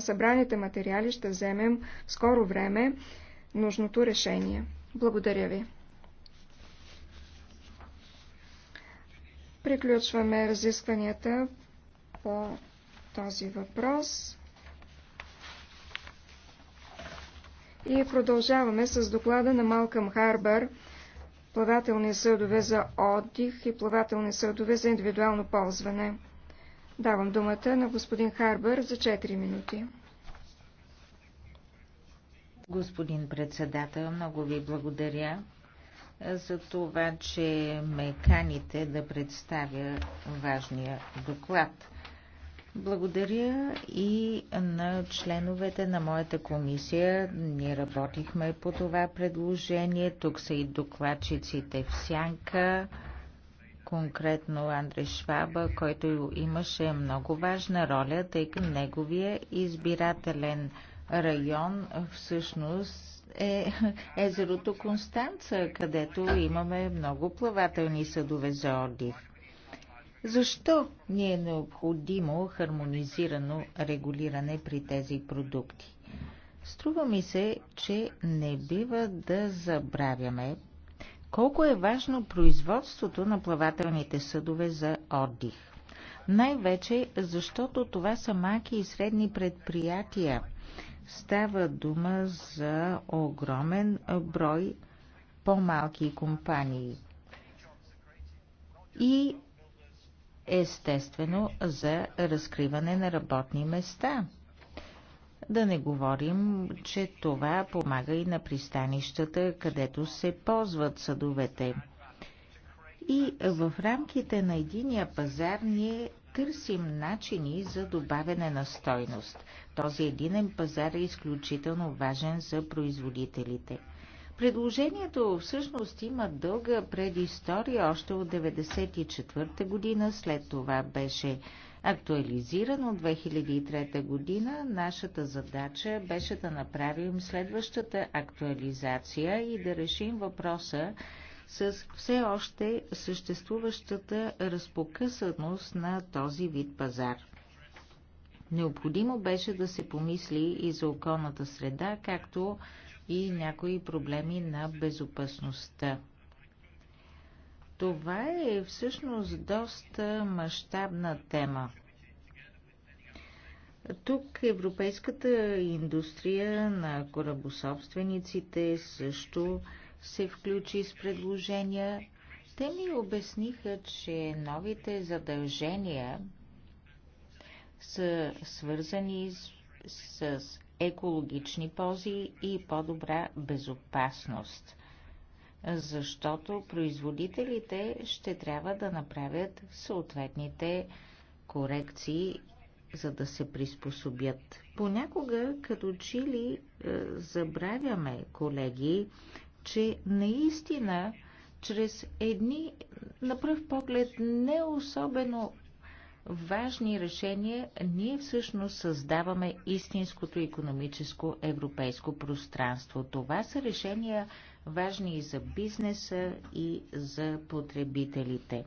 събраните материали ще вземем в скоро време нужното решение. Благодаря ви. Приключваме разискванията по този въпрос. И продължаваме с доклада на Малкъм Харбър плавателни съдове за отдих и плавателни съдове за индивидуално ползване. Давам думата на господин Харбър за 4 минути. Господин председател, много ви благодаря за това, че ме каните да представя важния доклад. Благодаря и на членовете на моята комисия. Ние работихме по това предложение. Тук са и докладчиците в сянка конкретно Андре Шваба, който имаше много важна роля, тъй като неговия избирателен район всъщност е езерото Констанца, където имаме много плавателни съдове за отдих. Защо ни е необходимо хармонизирано регулиране при тези продукти? Струва ми се, че не бива да забравяме колко е важно производството на плавателните съдове за отдих. Най-вече защото това са малки и средни предприятия. Става дума за огромен брой по-малки компании и естествено за разкриване на работни места – да не говорим, че това помага и на пристанищата, където се ползват съдовете. И в рамките на единия пазар ние търсим начини за добавяне на стойност. Този единен пазар е изключително важен за производителите. Предложението всъщност има дълга предистория още от 1994 година, след това беше актуализиран от 2003 година. Нашата задача беше да направим следващата актуализация и да решим въпроса с все още съществуващата разпокъсаност на този вид пазар. Необходимо беше да се помисли и за околната среда, както и някои проблеми на безопасността. Това е всъщност доста мащабна тема. Тук европейската индустрия на корабособствениците също се включи с предложения. Те ми обясниха, че новите задължения са свързани с, екологични пози и по-добра безопасност защото производителите ще трябва да направят съответните корекции, за да се приспособят. Понякога, като чили, е, забравяме, колеги, че наистина чрез едни, на пръв поглед, не особено важни решения, ние всъщност създаваме истинското економическо европейско пространство. Това са решения важни и за бизнеса, и за потребителите.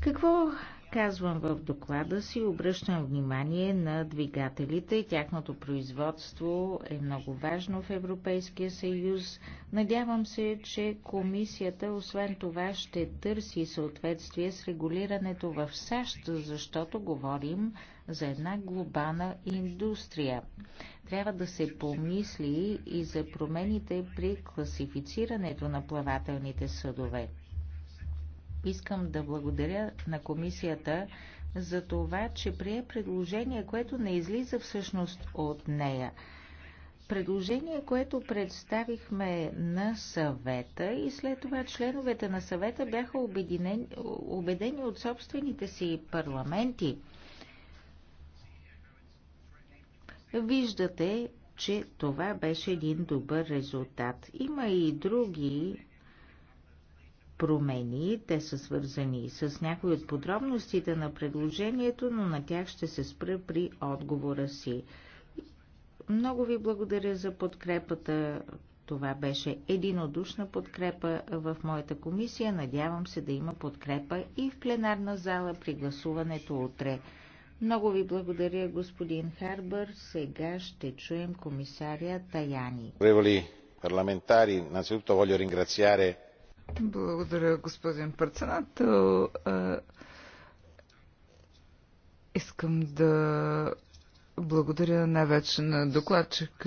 Какво казвам в доклада си? Обръщам внимание на двигателите. Тяхното производство е много важно в Европейския съюз. Надявам се, че комисията освен това ще търси съответствие с регулирането в САЩ, защото говорим за една глобална индустрия. Трябва да се помисли и за промените при класифицирането на плавателните съдове. Искам да благодаря на комисията за това, че прие предложение, което не излиза всъщност от нея. Предложение, което представихме на съвета и след това членовете на съвета бяха убедени от собствените си парламенти – Виждате, че това беше един добър резултат. Има и други промени, те са свързани с някои от подробностите на предложението, но на тях ще се спра при отговора си. Много ви благодаря за подкрепата. Това беше единодушна подкрепа в моята комисия. Надявам се да има подкрепа и в пленарна зала при гласуването утре. Много ви благодаря, господин Харбър. Сега ще чуем комисаря Таяни. парламентари, насилто волю ринграциаре. Благодаря, господин председател. Е, искам да благодаря най-вече на докладчик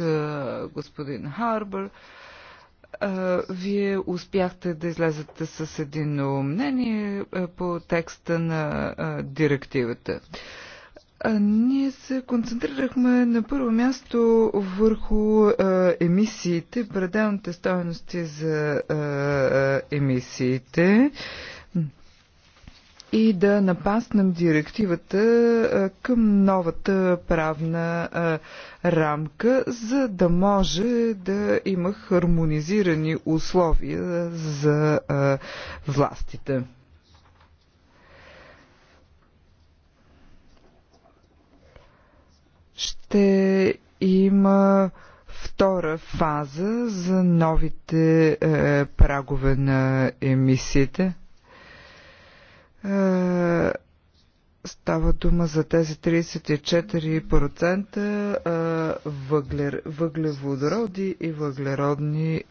господин Харбър. Е, вие успяхте да излезете с едно мнение е, по текста на директивата. Ние се концентрирахме на първо място върху емисиите, пределните стоености за емисиите и да напаснем директивата към новата правна рамка, за да може да има хармонизирани условия за властите. ще има втора фаза за новите е, прагове на емисиите. Е, Става дума за тези 34% въглер, въглеводороди и въглеродни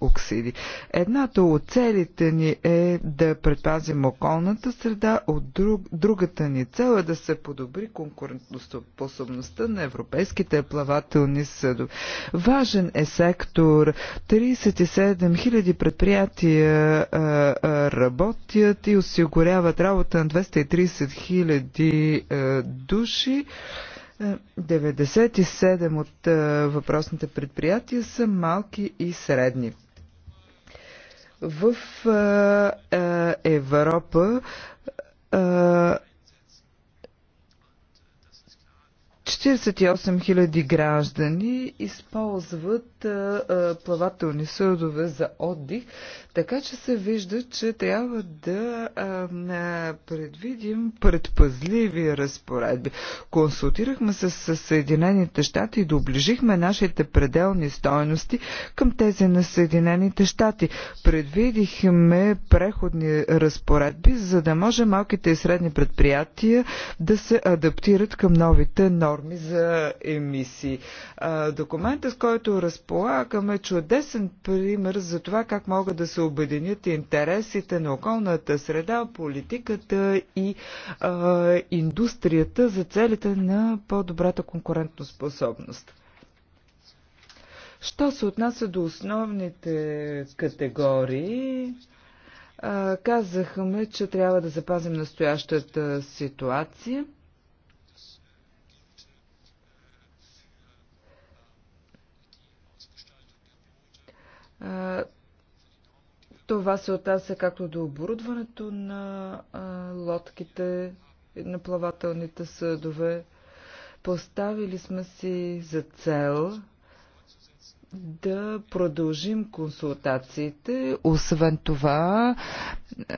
оксиди. Едната от целите ни е да предпазим околната среда, от друг, другата ни цел е да се подобри конкурентоспособността на европейските плавателни съдове. Важен е сектор. 37 000 предприятия работят и осигуряват работа на 230 000 000 е, души. 97 е, от е, въпросните предприятия са малки и средни. В Европа 48 000 граждани използват а, а, плавателни съдове за отдих, така че се вижда, че трябва да а, а, предвидим предпазливи разпоредби. Консултирахме се с Съединените щати и доближихме нашите пределни стоености към тези на Съединените щати. Предвидихме преходни разпоредби, за да може малките и средни предприятия да се адаптират към новите норми норми за емисии. Документът, с който разполагаме, е чудесен пример за това как могат да се обединят интересите на околната среда, политиката и а, индустрията за целите на по-добрата конкурентоспособност. Що се отнася до основните категории, казахме, че трябва да запазим настоящата ситуация – Това се отнася както до оборудването на лодките, на плавателните съдове. Поставили сме си за цел да продължим консултациите. Освен това,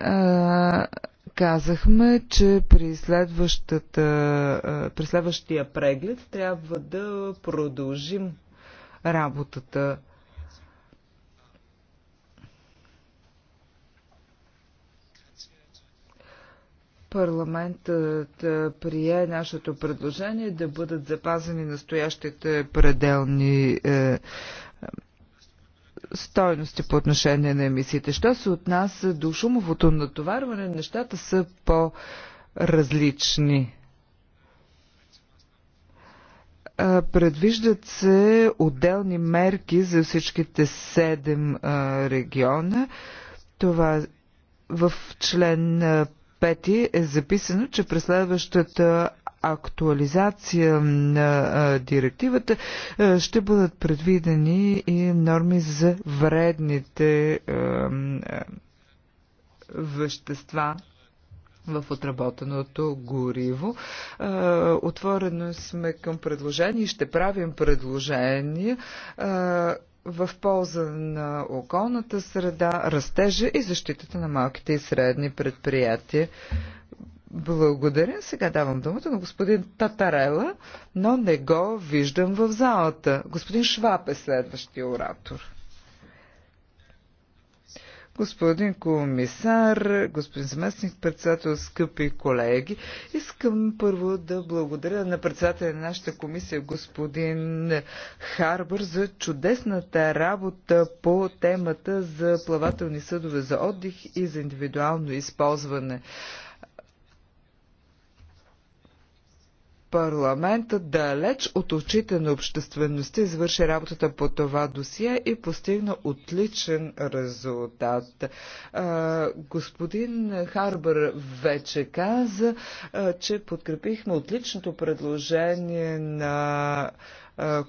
а, казахме, че при, следващата, при следващия преглед трябва да продължим работата Парламентът прие нашето предложение да бъдат запазени настоящите пределни е, стойности по отношение на емисиите. Що се отнася до шумовото натоварване, нещата са по-различни. Предвиждат се отделни мерки за всичките седем региона. Това в член пети е записано, че през следващата актуализация на директивата ще бъдат предвидени и норми за вредните вещества в отработеното гориво. Отворено сме към предложения и ще правим предложения в полза на околната среда, растежа и защитата на малките и средни предприятия. Благодаря. Сега давам думата на господин Татарела, но не го виждам в залата. Господин Шваб е следващия оратор господин комисар, господин заместник председател, скъпи колеги. Искам първо да благодаря на председателя на нашата комисия, господин Харбър, за чудесната работа по темата за плавателни съдове за отдих и за индивидуално използване. парламента далеч от очите на обществеността извърши работата по това досие и постигна отличен резултат. А, господин Харбър вече каза, а, че подкрепихме отличното предложение на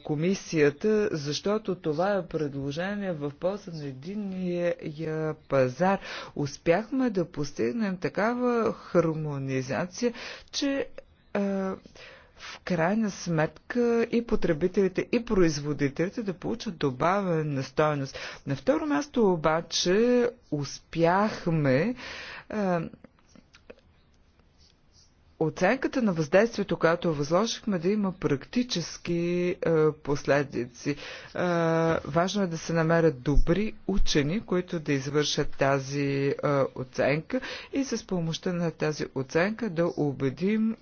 комисията, защото това е предложение в полза на единния пазар. Успяхме да постигнем такава хармонизация, че е, в крайна сметка и потребителите, и производителите да получат добавена стоеност. На второ място обаче успяхме е, оценката на въздействието, което възложихме, да има практически е, последици. Е, важно е да се намерят добри учени, които да извършат тази е, оценка и с помощта на тази оценка да убедим е,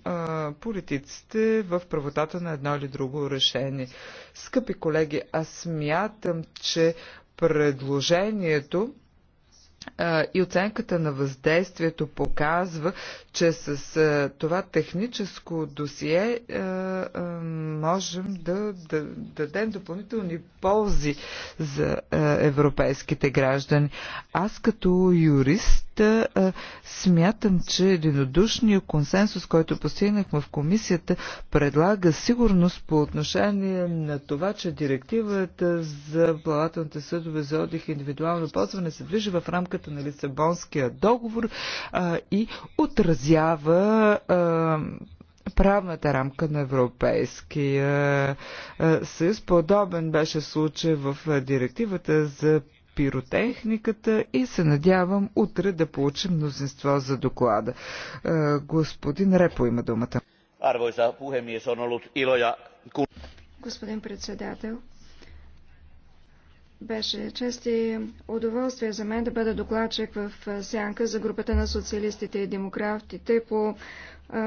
политиците в правотата на едно или друго решение. Скъпи колеги, аз смятам, че предложението и оценката на въздействието показва, че с това техническо досие можем да, да дадем допълнителни ползи за европейските граждани. Аз като юрист смятам, че единодушният консенсус, който постигнахме в комисията, предлага сигурност по отношение на това, че директивата за плавателните съдове за отдих и индивидуално ползване се движи в рамка рамката на Лисабонския договор а, и отразява а, правната рамка на Европейския съюз. Подобен беше случай в директивата за пиротехниката и се надявам утре да получим мнозинство за доклада. Господин Репо има думата. Господин председател, беше чест и удоволствие за мен да бъда докладчик в сянка за групата на социалистите и демократите по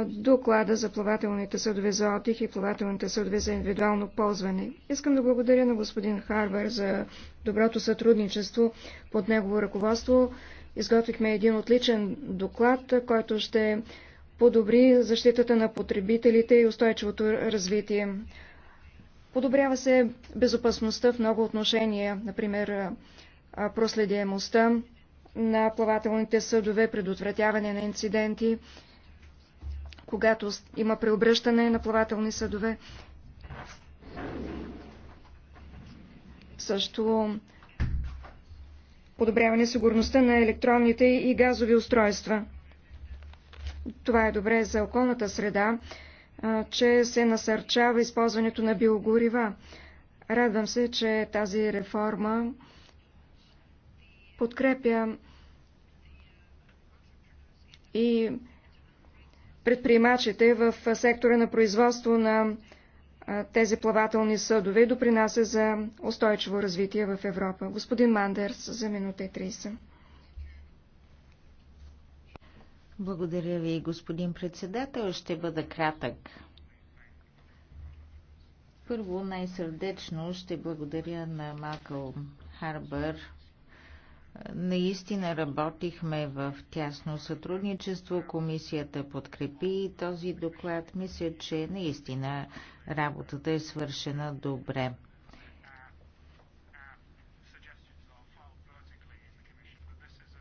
доклада за плавателните съдове за отих и плавателните съдове за индивидуално ползване. Искам да благодаря на господин Харбър за доброто сътрудничество под негово ръководство. Изготвихме един отличен доклад, който ще подобри защитата на потребителите и устойчивото развитие. Подобрява се безопасността в много отношения, например проследяемостта на плавателните съдове, предотвратяване на инциденти, когато има преобръщане на плавателни съдове. Също подобряване сигурността на електронните и газови устройства. Това е добре за околната среда, че се насърчава използването на биогорива. Радвам се, че тази реформа подкрепя и предприемачите в сектора на производство на тези плавателни съдове и допринася за устойчиво развитие в Европа. Господин Мандерс за минута и 30. Благодаря ви, господин председател. Ще бъда кратък. Първо най-сърдечно ще благодаря на Макъл Харбър. Наистина работихме в тясно сътрудничество. Комисията подкрепи този доклад. Мисля, че наистина работата е свършена добре.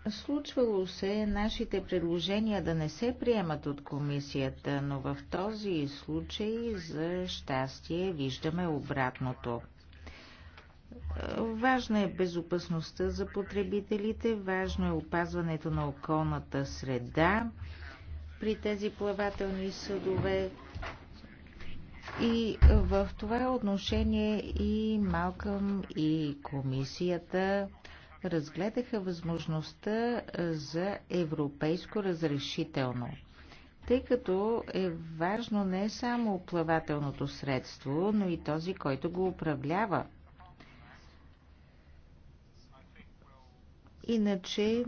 Случвало се е нашите предложения да не се приемат от комисията, но в този случай за щастие виждаме обратното. Важна е безопасността за потребителите, важно е опазването на околната среда при тези плавателни съдове. И в това отношение и Малкъм и комисията разгледаха възможността за европейско разрешително. Тъй като е важно не само плавателното средство, но и този, който го управлява. Иначе,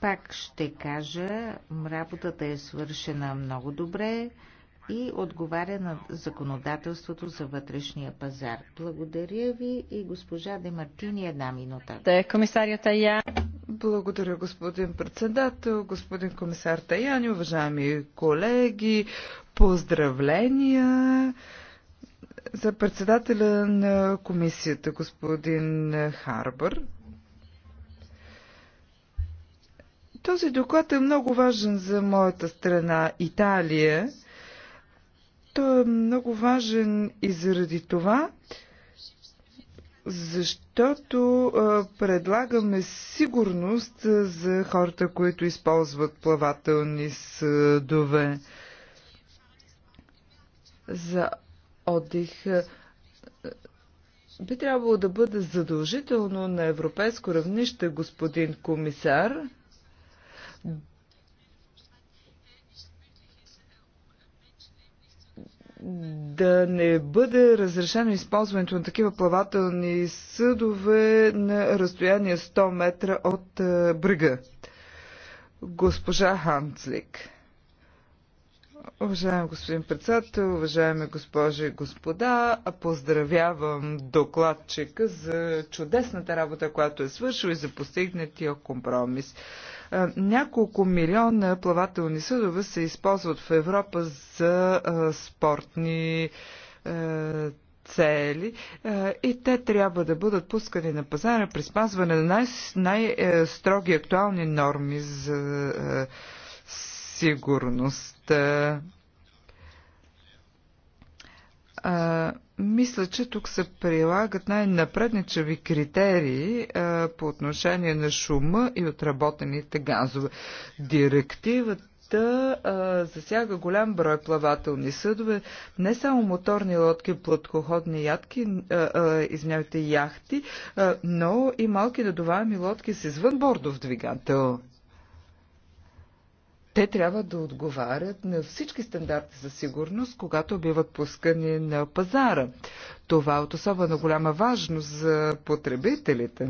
пак ще кажа, работата е свършена много добре и отговаря на законодателството за вътрешния пазар. Благодаря ви и госпожа Демарчуни една минута. Да, Комисарията Я. Благодаря, господин председател, господин комисар Таяни, уважаеми колеги, поздравления за председателя на комисията, господин Харбър. Този доклад е много важен за моята страна Италия той е много важен и заради това, защото предлагаме сигурност за хората, които използват плавателни съдове за отдих. би трябвало да бъде задължително на европейско равнище, господин комисар, да не бъде разрешено използването на такива плавателни съдове на разстояние 100 метра от е, брега. Госпожа Ханцлик. Уважаеми господин председател, уважаеми госпожи и господа, поздравявам докладчика за чудесната работа, която е свършил и за постигнатия компромис. Е, няколко милиона плавателни съдове се използват в Европа за е, спортни е, цели и те трябва да бъдат пускани на пазара при спазване на най-строги най- строги актуални норми за сигурността. А, мисля, че тук се прилагат най-напредничави критерии а, по отношение на шума и отработените газове. Директивата а, засяга голям брой плавателни съдове, не само моторни лодки, плъткоходни ядки, извинявайте, яхти, а, но и малки надуваеми лодки с извънбордов двигател. Те трябва да отговарят на всички стандарти за сигурност, когато биват пускани на пазара. Това е от особено голяма важност за потребителите.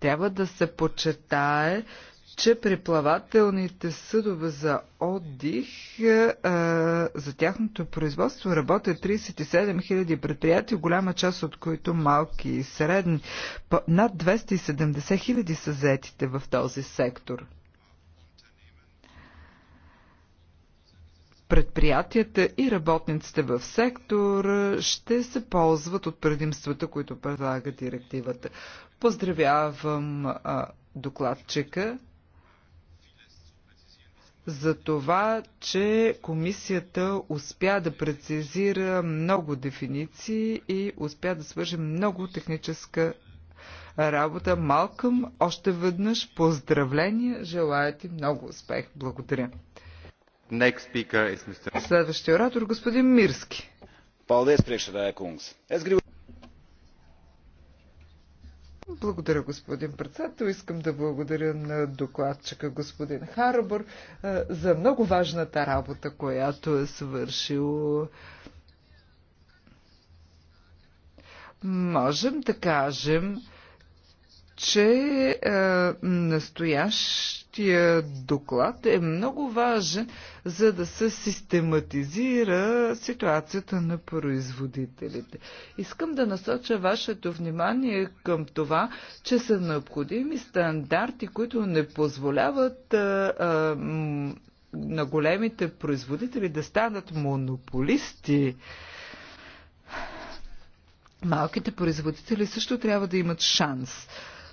Трябва да се почетае, че приплавателните съдове за отдих, е, е за тяхното производство работят 37 000 предприятия, голяма част от които малки и средни. Над 270 000 са заетите в този сектор. предприятията и работниците в сектор ще се ползват от предимствата, които предлага директивата. Поздравявам а, докладчика за това, че комисията успя да прецизира много дефиниции и успя да свържи много техническа работа. Малкъм, още веднъж поздравления, желая ти много успех. Благодаря. Следващия оратор, господин Мирски. Благодаря, господин председател. Искам да благодаря на докладчика господин Харбор е, за много важната работа, която е свършил. Можем да кажем, че е, настоящия доклад е много важен, за да се систематизира ситуацията на производителите. Искам да насоча вашето внимание към това, че са необходими стандарти, които не позволяват е, е, на големите производители да станат монополисти. Малките производители също трябва да имат шанс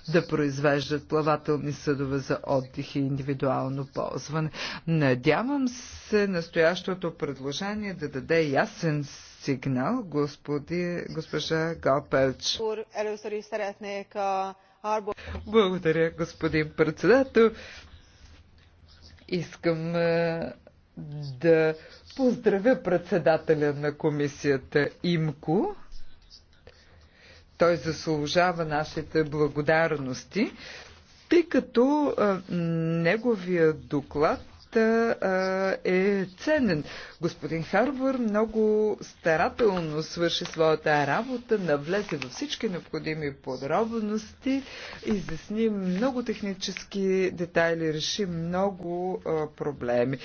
да произвеждат плавателни съдове за отдих и индивидуално ползване. Надявам се настоящото предложение да даде ясен сигнал господи, госпожа Галпелч. Благодаря, господин председател. Искам е, да поздравя председателя на комисията Имко той заслужава нашите благодарности, тъй като а, неговия доклад е ценен. Господин Харбор много старателно свърши своята работа, навлезе във всички необходими подробности, изясни много технически детайли, реши много а, проблеми.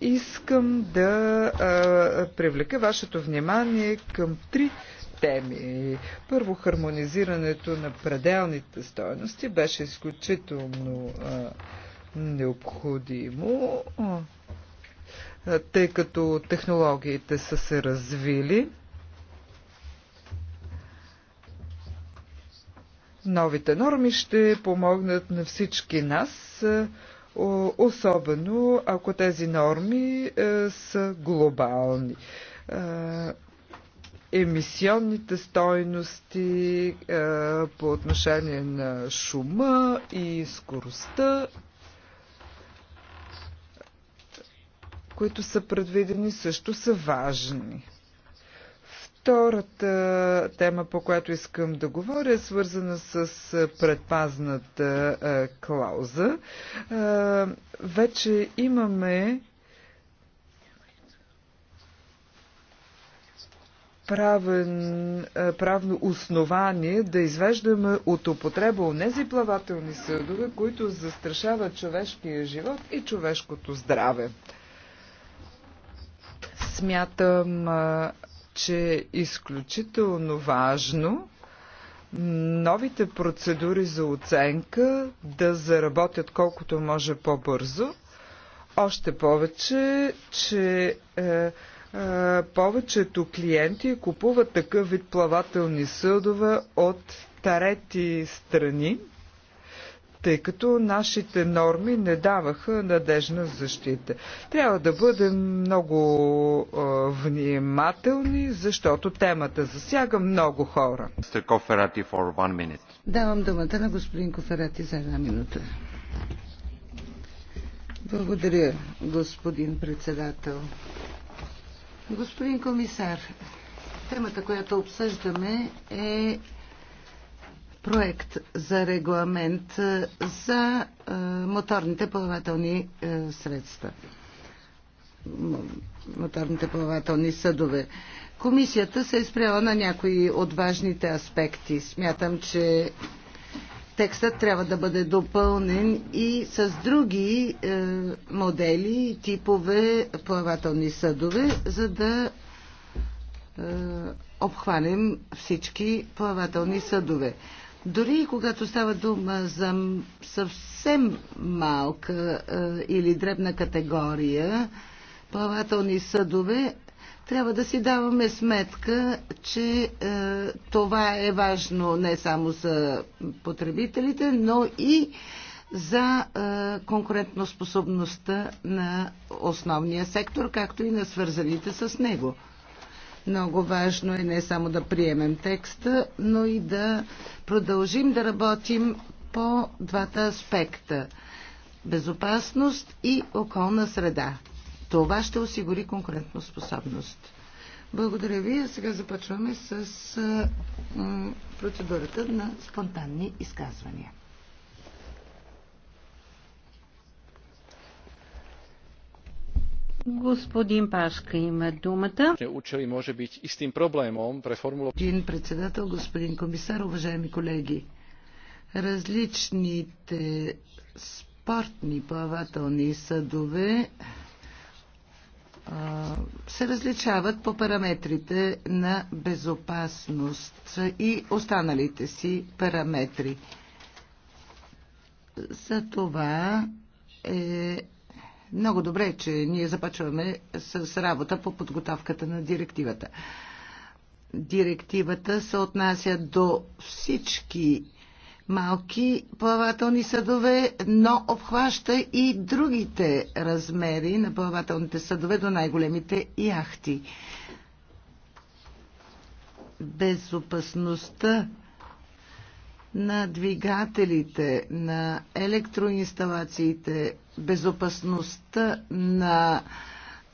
Искам да а, привлека вашето внимание към три теми. Първо, хармонизирането на пределните стоености беше изключително а, необходимо, а, тъй като технологиите са се развили. Новите норми ще помогнат на всички нас, особено ако тези норми е, са глобални емисионните стойности е, по отношение на шума и скоростта, които са предвидени, също са важни. Втората тема, по която искам да говоря, е свързана с предпазната е, клауза. Е, вече имаме правен, е, правно основание да извеждаме от употреба от тези плавателни съдове, които застрашават човешкия живот и човешкото здраве. Смятам, е, че е изключително важно новите процедури за оценка да заработят колкото може по-бързо, още повече, че е, повечето клиенти купуват такъв вид плавателни съдове от трети страни, тъй като нашите норми не даваха надежна защита. Трябва да бъдем много внимателни, защото темата засяга много хора. Давам думата на господин Коферати за една минута. Благодаря, господин председател. Господин комисар, темата, която обсъждаме е проект за регламент за моторните плавателни средства. Моторните плавателни съдове. Комисията се е спряла на някои от важните аспекти. Смятам, че текстът трябва да бъде допълнен и с други е, модели типове плавателни съдове, за да е, обхванем всички плавателни съдове. Дори и когато става дума за съвсем малка е, или дребна категория плавателни съдове, трябва да си даваме сметка, че е, това е важно не само за потребителите, но и за е, конкурентноспособността на основния сектор, както и на свързаните с него. Много важно е не само да приемем текста, но и да продължим да работим по двата аспекта безопасност и околна среда. Това ще осигури способност. Благодаря ви. А сега започваме с процедурата на спонтанни изказвания. Господин Пашка има думата. Учили може би истин проблемом преформуло... Господин председател, господин комисар, уважаеми колеги. Различните спортни плавателни съдове се различават по параметрите на безопасност и останалите си параметри. За това е много добре, че ние започваме с работа по подготовката на директивата. Директивата се отнася до всички малки плавателни съдове, но обхваща и другите размери на плавателните съдове до най-големите яхти. Безопасността на двигателите, на електроинсталациите, безопасността на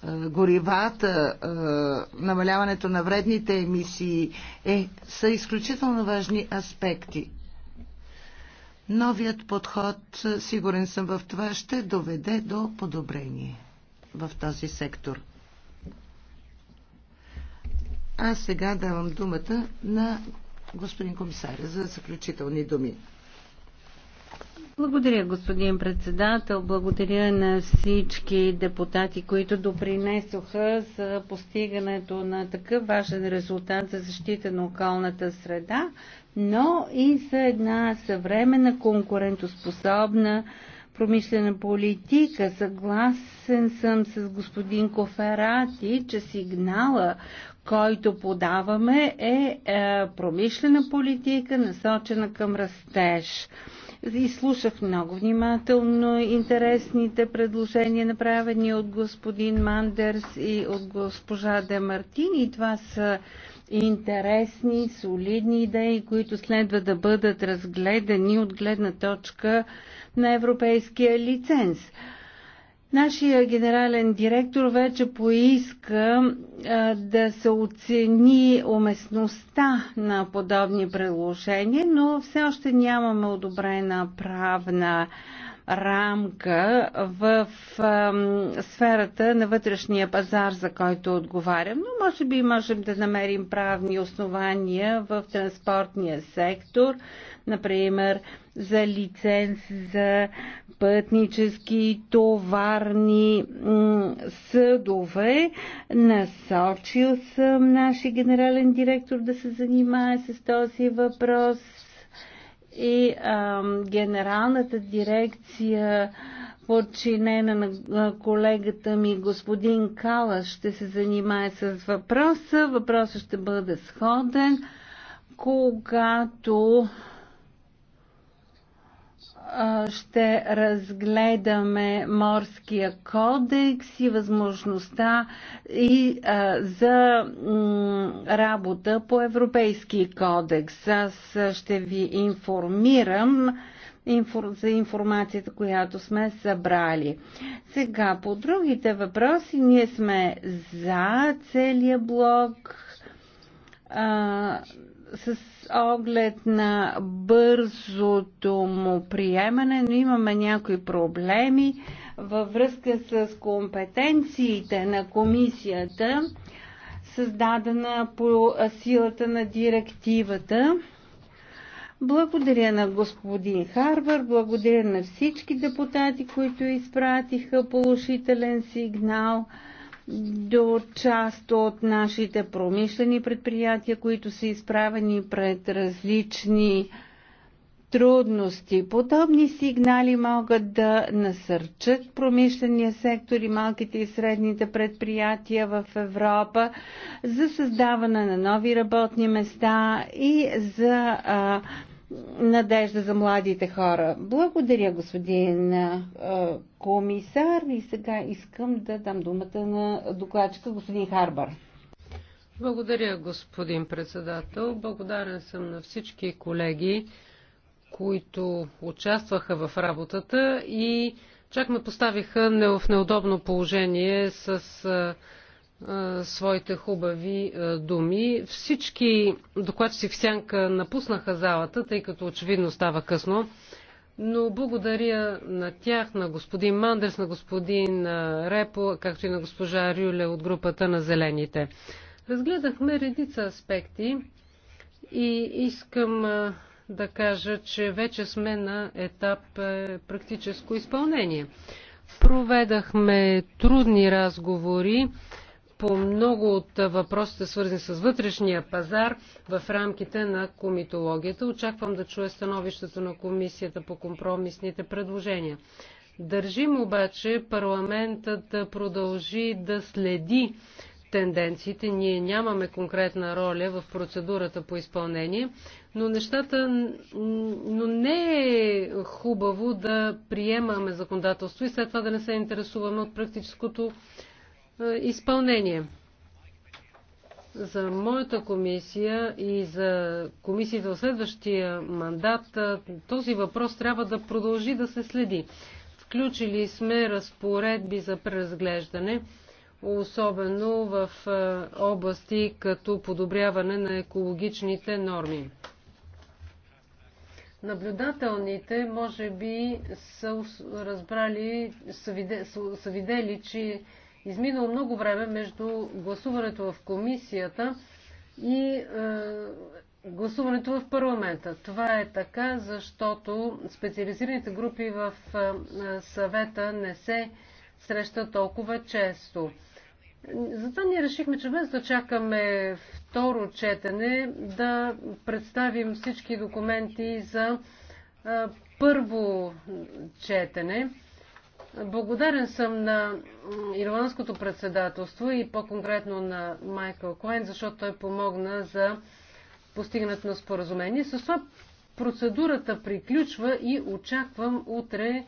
е, горивата, е, намаляването на вредните емисии е, са изключително важни аспекти. Новият подход, сигурен съм в това, ще доведе до подобрение в този сектор. А сега давам думата на господин комисаря за заключителни думи. Благодаря, господин председател. Благодаря на всички депутати, които допринесоха за постигането на такъв важен резултат за защита на околната среда, но и за една съвременна конкурентоспособна промишлена политика. Съгласен съм с господин Коферати, че сигнала, който подаваме е, е промишлена политика, насочена към растеж. Изслушах много внимателно интересните предложения, направени от господин Мандерс и от госпожа Мартин. И това са интересни, солидни идеи, които следва да бъдат разгледани от гледна точка на европейския лиценз. Нашия генерален директор вече поиска а, да се оцени уместността на подобни предложения, но все още нямаме одобрена правна а, рамка в сферата на вътрешния пазар, за който отговарям, но може би можем да намерим правни основания в транспортния сектор, например за лиценз за пътнически товарни съдове. Насочил съм нашия генерален директор да се занимае с този въпрос и а, генералната дирекция подчинена на колегата ми господин Кала ще се занимае с въпроса. Въпросът ще бъде сходен, когато ще разгледаме морския кодекс и възможността и а, за работа по европейски кодекс. Аз ще ви информирам за информацията, която сме събрали. Сега по другите въпроси ние сме за целия блок. А, с оглед на бързото му приемане, но имаме някои проблеми във връзка с компетенциите на комисията, създадена по силата на директивата. Благодаря на господин Харвар, благодаря на всички депутати, които изпратиха положителен сигнал до част от нашите промишлени предприятия, които са изправени пред различни трудности. Подобни сигнали могат да насърчат промишления сектор и малките и средните предприятия в Европа за създаване на нови работни места и за а, надежда за младите хора. Благодаря, господин комисар. И сега искам да дам думата на докладчика господин Харбър. Благодаря, господин председател. Благодарен съм на всички колеги, които участваха в работата и чак ме поставиха в неудобно положение с своите хубави думи. Всички си в сянка напуснаха залата, тъй като очевидно става късно. Но благодаря на тях, на господин Мандерс, на господин Репо, както и на госпожа Рюле от групата на Зелените. Разгледахме редица аспекти и искам да кажа, че вече сме на етап е, практическо изпълнение. Проведахме трудни разговори по много от въпросите, свързани с вътрешния пазар в рамките на комитологията. Очаквам да чуя становището на комисията по компромисните предложения. Държим обаче парламентът да продължи да следи тенденциите. Ние нямаме конкретна роля в процедурата по изпълнение, но нещата, но не е хубаво да приемаме законодателство и след това да не се интересуваме от практическото изпълнение. За моята комисия и за комисията в следващия мандат този въпрос трябва да продължи да се следи. Включили сме разпоредби за преразглеждане, особено в области като подобряване на екологичните норми. Наблюдателните може би са разбрали, са видели, че Изминало много време между гласуването в комисията и е, гласуването в парламента. Това е така, защото специализираните групи в е, съвета не се срещат толкова често. Затова ние решихме, че без да чакаме второ четене, да представим всички документи за е, първо четене. Благодарен съм на Ирландското председателство и по-конкретно на Майкъл Коен, защото той помогна за постигането на споразумение. С това процедурата приключва и очаквам утре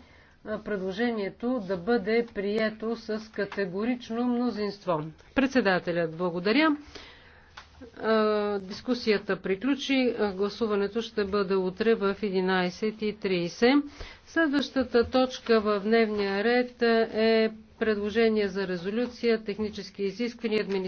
предложението да бъде прието с категорично мнозинство. Председателят благодаря. Дискусията приключи. Гласуването ще бъде утре в 11.30. Следващата точка в дневния ред е предложение за резолюция, технически изисквания, администрация.